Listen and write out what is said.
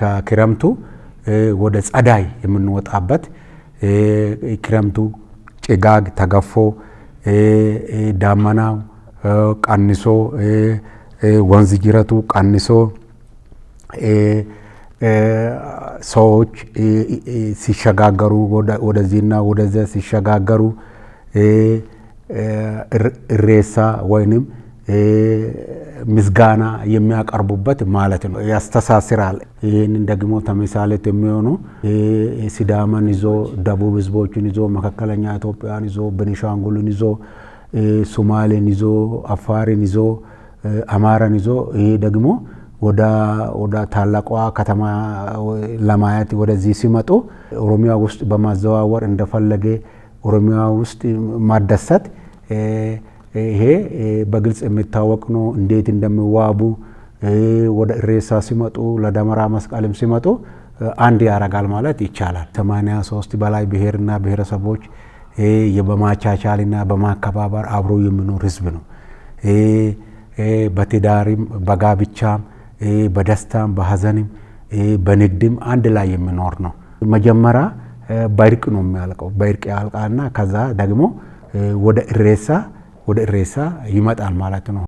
ከክረምቱ ወደ ጸዳይ የምንወጣበት ክረምቱ ጭጋግ ተገፎ ዳመናው ቀንሶ ወንዝ ጅረቱ ቀንሶ ሰዎች ሲሸጋገሩ ወደዚህና ወደዚ ሲሸጋገሩ እሬሳ ወይንም ምስጋና የሚያቀርቡበት ማለት ነው። ያስተሳስራል። ይህንን ደግሞ ተምሳሌት የሚሆኑ ሲዳማን ይዞ ደቡብ ህዝቦችን ይዞ መካከለኛ ኢትዮጵያን ይዞ ቤኒሻንጉልን ይዞ ሱማሌን ይዞ አፋርን ይዞ አማራን ይዞ ይህ ደግሞ ወደ ታላቋ ከተማ ለማየት ወደዚህ ሲመጡ ኦሮሚያ ውስጥ በማዘዋወር እንደፈለገ ኦሮሚያ ውስጥ ማደሰት ይሄ በግልጽ የሚታወቅ ነው። እንዴት እንደሚዋቡ ወደ እሬሳ ሲመጡ ለደመራ መስቀልም ሲመጡ አንድ ያረጋል ማለት ይቻላል። 83 ሶስት በላይ ብሔርና ብሔረሰቦች በማቻቻልና በማከባበር አብሮ የሚኖር ህዝብ ነው። በትዳርም በጋብቻም በደስታም በሀዘንም በንግድም አንድ ላይ የሚኖር ነው። መጀመሪያ በእርቅ ነው የሚያልቀው። በእርቅ ያልቃና ከዛ ደግሞ ወደ እሬሳ ወደ እሬሳ ይመጣል ማለት ነው።